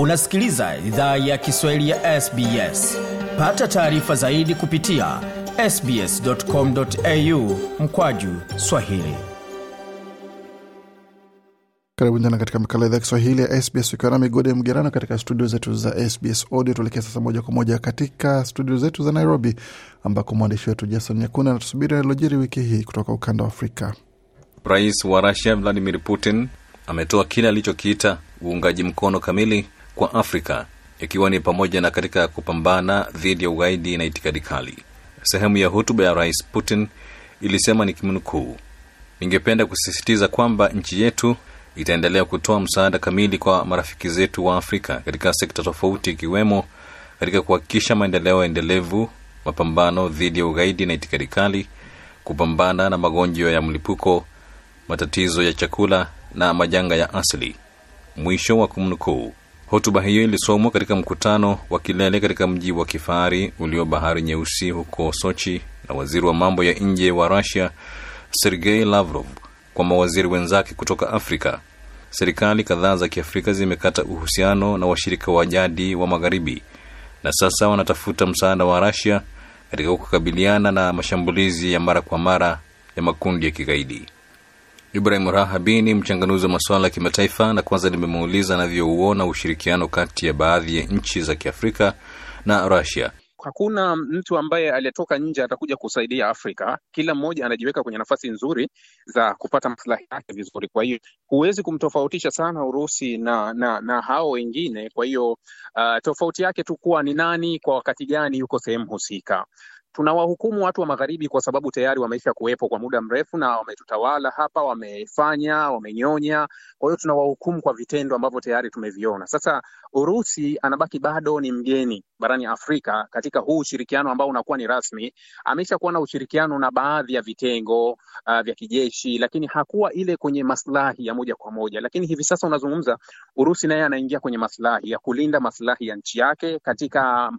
unasikiliza idhaa ya kiswahili ya sbs pata taarifa zaidi kupitia sbscomau mkwaju swahili karibu tena katika makala idhaa kiswahili ya sbs ukiwa na migode mgerano katika studio zetu za sbs audio tuelekea sasa moja kwa moja katika studio zetu za nairobi ambako mwandishi wetu jason nyakuna anatusubiri alilojiri wiki hii kutoka ukanda wa afrika rais wa rusia vladimir putin ametoa kile alichokiita uungaji mkono kamili kwa Afrika, ikiwa ni pamoja na katika kupambana dhidi ya ugaidi na itikadi kali. Sehemu ya hutuba ya Rais Putin ilisema ni kimnukuu, ningependa kusisitiza kwamba nchi yetu itaendelea kutoa msaada kamili kwa marafiki zetu wa Afrika katika sekta tofauti, ikiwemo katika kuhakikisha maendeleo endelevu, mapambano dhidi ya ugaidi na itikadi kali, kupambana na magonjwa ya mlipuko, matatizo ya chakula na majanga ya asili. Mwisho wa kumnukuu. Hotuba hiyo ilisomwa katika mkutano wa kilele katika mji wa kifahari ulio bahari nyeusi huko Sochi na waziri wa mambo ya nje wa Rusia Sergei Lavrov kwa mawaziri wenzake kutoka Afrika. Serikali kadhaa za Kiafrika zimekata uhusiano na washirika wa jadi wa Magharibi na sasa wanatafuta msaada wa rasia katika kukabiliana na mashambulizi ya mara kwa mara ya makundi ya kigaidi. Ibrahim Rahabi ni mchanganuzi wa masuala ya kimataifa, na kwanza nimemuuliza anavyouona ushirikiano kati ya baadhi ya nchi za Kiafrika na Russia. Hakuna mtu ambaye aliyetoka nje atakuja kusaidia Afrika. Kila mmoja anajiweka kwenye nafasi nzuri za kupata maslahi yake vizuri. Kwa hiyo huwezi kumtofautisha sana Urusi na, na, na hao wengine. Kwa hiyo uh, tofauti yake tu kuwa ni nani kwa wakati gani yuko sehemu husika tunawahukumu watu wa magharibi kwa sababu tayari wameisha kuwepo kwa muda mrefu na wametutawala hapa, wamefanya, wamenyonya. Kwa hiyo tunawahukumu kwa vitendo ambavyo tayari tumeviona. Sasa Urusi anabaki bado ni mgeni barani Afrika katika huu ushirikiano ambao unakuwa ni rasmi. Ameisha kuwa na ushirikiano na baadhi ya vitengo uh, vya kijeshi, lakini hakuwa ile kwenye maslahi ya moja kwa moja. Lakini hivi sasa unazungumza, Urusi naye anaingia kwenye maslahi ya kulinda maslahi ya nchi yake katika uh,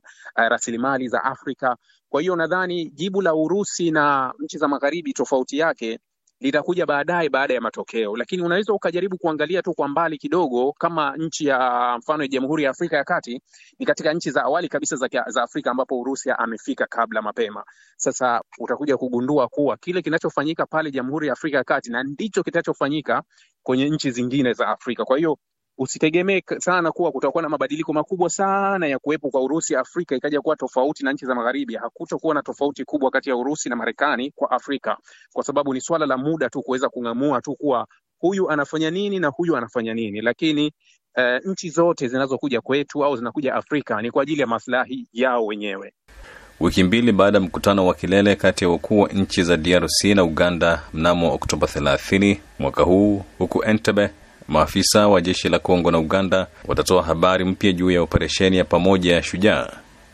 rasilimali za Afrika kwa hiyo nadhani jibu la Urusi na nchi za magharibi tofauti yake litakuja baadaye baada ya matokeo, lakini unaweza ukajaribu kuangalia tu kwa mbali kidogo, kama nchi ya mfano ya Jamhuri ya Afrika ya Kati ni katika nchi za awali kabisa za, za Afrika ambapo Urusi amefika kabla mapema. Sasa utakuja kugundua kuwa kile kinachofanyika pale Jamhuri ya Afrika ya Kati na ndicho kitachofanyika kwenye nchi zingine za Afrika. Kwa hiyo usitegemee sana kuwa kutakuwa na mabadiliko makubwa sana ya kuwepo kwa Urusi Afrika ikaja kuwa tofauti na nchi za magharibi. Hakutakuwa na tofauti kubwa kati ya Urusi na Marekani kwa Afrika, kwa sababu ni swala la muda tu kuweza kung'amua tu kuwa huyu anafanya nini na huyu anafanya nini, lakini uh, nchi zote zinazokuja kwetu au zinakuja Afrika ni kwa ajili ya maslahi yao wenyewe. Wiki mbili baada ya mkutano wa kilele kati ya wakuu wa nchi za DRC na Uganda mnamo Oktoba 30 mwaka huu huku Entebbe Maafisa wa jeshi la Kongo na Uganda watatoa habari mpya juu ya operesheni ya pamoja ya Shujaa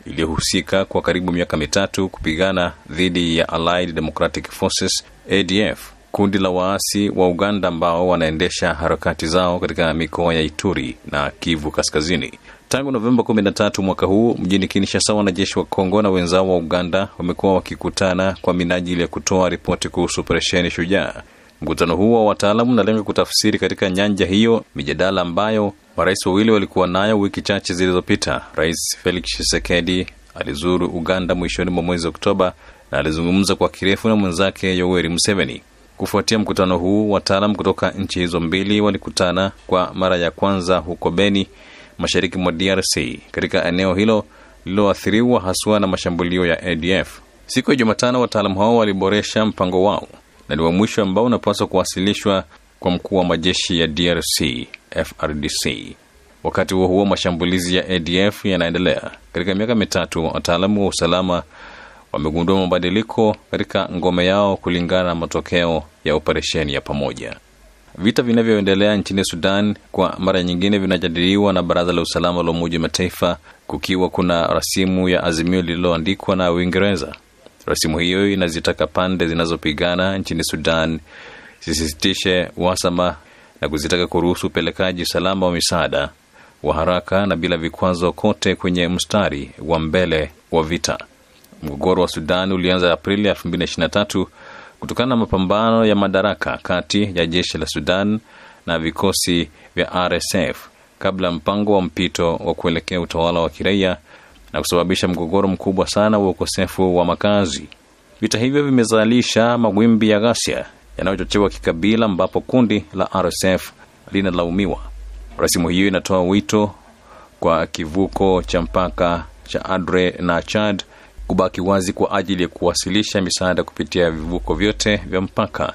iliyohusika kwa karibu miaka mitatu kupigana dhidi ya Allied Democratic Forces ADF, kundi la waasi wa Uganda ambao wanaendesha harakati zao katika mikoa ya Ituri na Kivu Kaskazini. Tangu Novemba 13 mwaka huu mjini Kinshasa, wanajeshi wa Kongo na wenzao wa Uganda wamekuwa wakikutana kwa minajili ya kutoa ripoti kuhusu operesheni Shujaa. Mkutano huo wa wataalamu unalenga kutafsiri katika nyanja hiyo mijadala ambayo marais wawili walikuwa nayo wiki chache zilizopita. Rais Felix Tshisekedi alizuru Uganda mwishoni mwa mwezi Oktoba na alizungumza kwa kirefu na mwenzake Yoweri Museveni. Kufuatia mkutano huu, wataalam kutoka nchi hizo mbili walikutana kwa mara ya kwanza huko Beni, mashariki mwa DRC, katika eneo hilo lililoathiriwa haswa na mashambulio ya ADF. Siku ya Jumatano, wataalamu hao waliboresha mpango wao na ni wa mwisho ambao unapaswa kuwasilishwa kwa mkuu wa majeshi ya DRC FRDC. Wakati huo huo, mashambulizi ya ADF yanaendelea. Katika miaka mitatu, wataalamu wa usalama wamegundua mabadiliko katika ngome yao kulingana na matokeo ya operesheni ya pamoja. Vita vinavyoendelea nchini Sudan kwa mara nyingine vinajadiliwa na Baraza la Usalama la Umoja wa Mataifa, kukiwa kuna rasimu ya azimio lililoandikwa na Uingereza Rasimu hiyo inazitaka pande zinazopigana nchini Sudan zisisitishe uhasama na kuzitaka kuruhusu upelekaji salama wa misaada wa haraka na bila vikwazo kote kwenye mstari wa mbele wa vita. Mgogoro wa Sudan ulianza Aprili 2023 kutokana na mapambano ya madaraka kati ya jeshi la Sudan na vikosi vya RSF kabla mpango wa mpito wa kuelekea utawala wa kiraia na kusababisha mgogoro mkubwa sana wa ukosefu wa makazi. Vita hivyo vimezalisha mawimbi ya ghasia yanayochochewa kikabila, ambapo kundi la RSF linalaumiwa. Rasimu hiyo inatoa wito kwa kivuko cha mpaka cha Adre na Chad kubaki wazi kwa ajili ya kuwasilisha misaada kupitia vivuko vyote vya mpaka,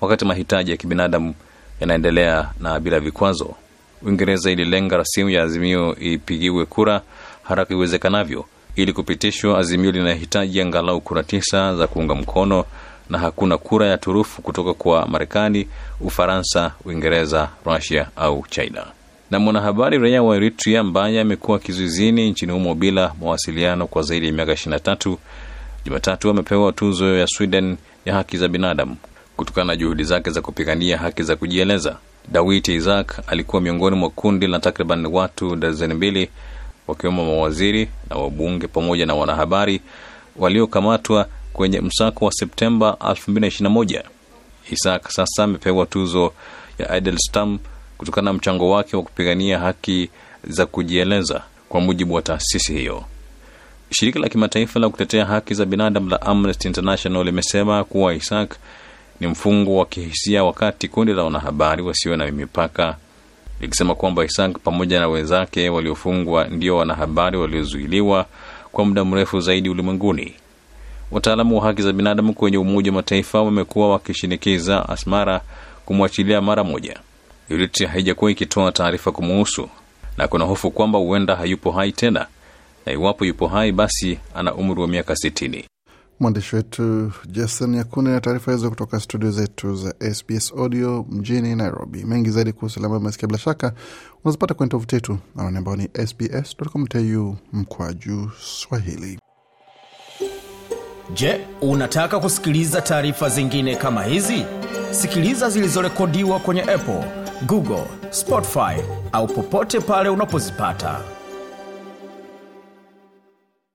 wakati mahitaji ya kibinadamu yanaendelea na bila vikwazo. Uingereza ililenga rasimu ya azimio ipigiwe kura haraka iwezekanavyo ili kupitishwa. Azimio linahitaji angalau kura tisa za kuunga mkono, na hakuna kura ya turufu kutoka kwa Marekani, Ufaransa, Uingereza, Rusia au China. Na mwanahabari raia wa eritria ambaye amekuwa kizuizini nchini humo bila mawasiliano kwa zaidi ya miaka 23 Jumatatu amepewa tuzo ya Sweden ya haki za binadamu kutokana na juhudi zake za kupigania haki za kujieleza. Dawit isak alikuwa miongoni mwa kundi la takriban watu dazeni mbili wakiwemo mawaziri na wabunge pamoja na wanahabari waliokamatwa kwenye msako wa Septemba 2021. Isaac sasa amepewa tuzo ya Adel Stam kutokana na mchango wake wa kupigania haki za kujieleza, kwa mujibu wa taasisi hiyo. Shirika la kimataifa la kutetea haki za binadamu la Amnesty International limesema kuwa Isaac ni mfungo wa kihisia, wakati kundi la wanahabari wasio na mipaka likisema kwamba Isaac pamoja na wenzake waliofungwa ndio wanahabari waliozuiliwa kwa muda mrefu zaidi ulimwenguni. Wataalamu wa haki za binadamu kwenye Umoja wa Mataifa wamekuwa wakishinikiza Asmara kumwachilia mara moja. Unity haijakuwa ikitoa taarifa kumuhusu na kuna hofu kwamba huenda hayupo hai tena, na iwapo yupo hai, basi ana umri wa miaka sitini. Mwandishi wetu Jason Yakune na taarifa hizo kutoka studio zetu za SBS Audio mjini Nairobi. Mengi zaidi kuhusu lambayo mesikia, bila shaka unazipata kwenye tovuti yetu anaone ambao ni sbs.com.au mkwaju swahili. Je, unataka kusikiliza taarifa zingine kama hizi? Sikiliza zilizorekodiwa kwenye Apple, Google, Spotify au popote pale unapozipata.